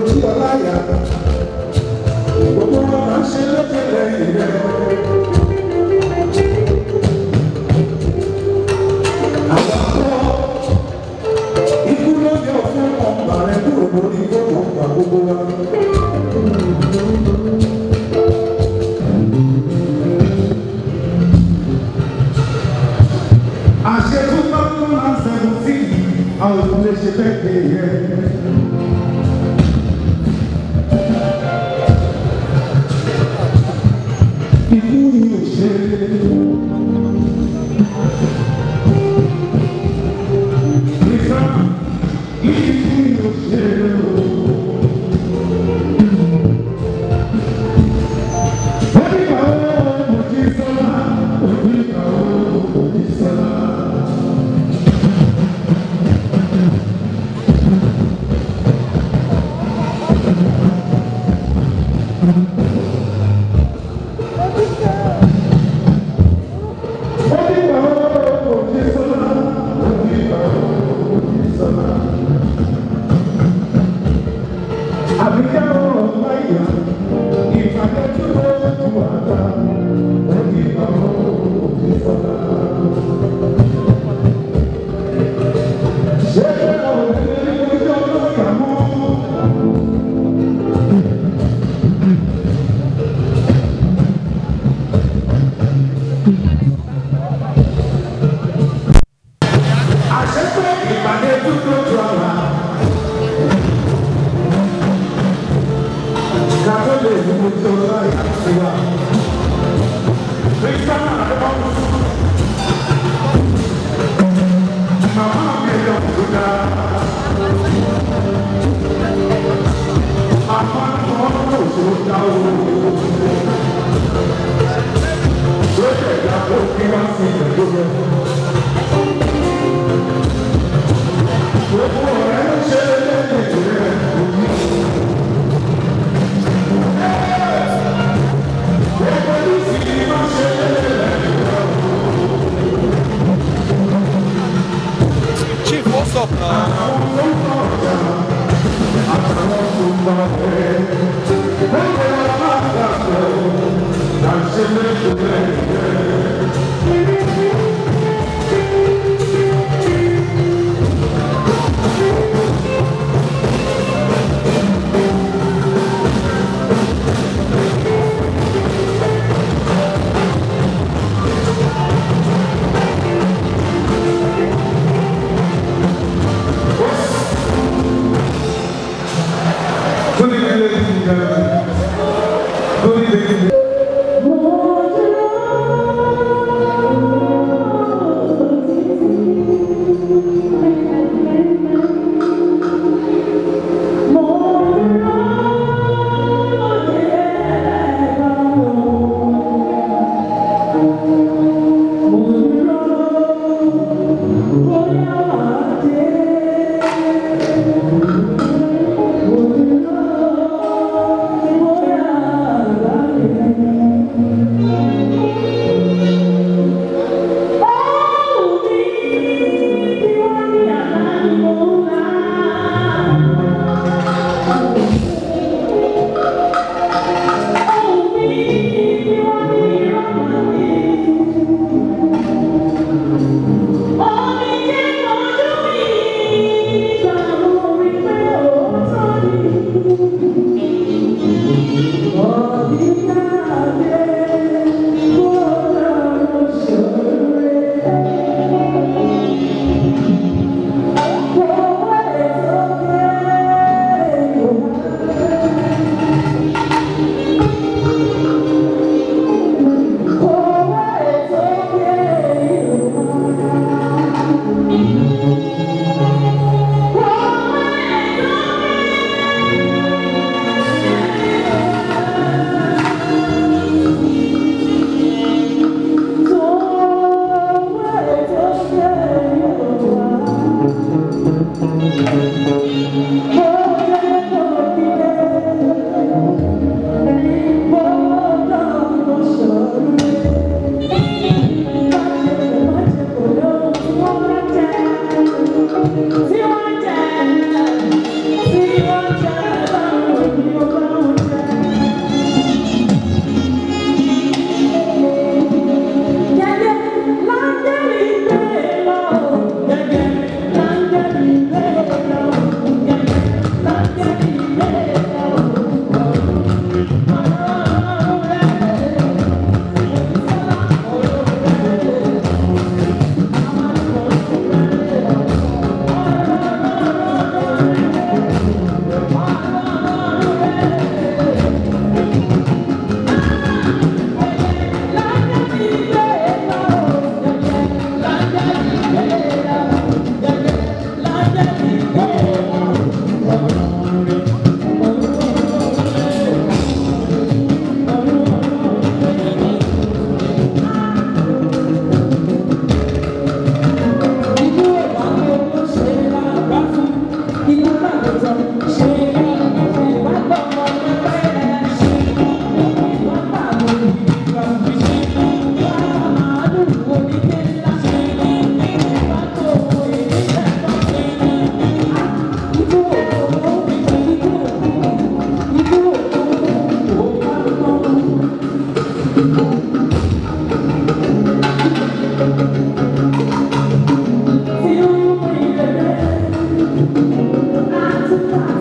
ojú ọláyà gbogbo wọn máa ń ṣe lókè lẹ́yìn rẹ̀. àgbàkọ́ ikú ló yọ fún ọgbà rẹ̀ kúrò lórí gbogbo ọgbà gbogbo wa. àṣẹ tó bá tó máa ń sẹ́gun sí àwọn ìdílé ṣe fẹ́ kéèyàn. you feel What's up Thank you. Thank you.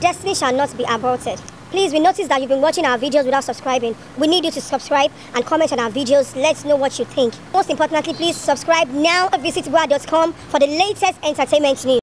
destiny shall not be aborted. Please, we notice that you've been watching our videos without subscribing. We need you to subscribe and comment on our videos. Let's know what you think. Most importantly, please subscribe now. Visit Boa.com for the latest entertainment news.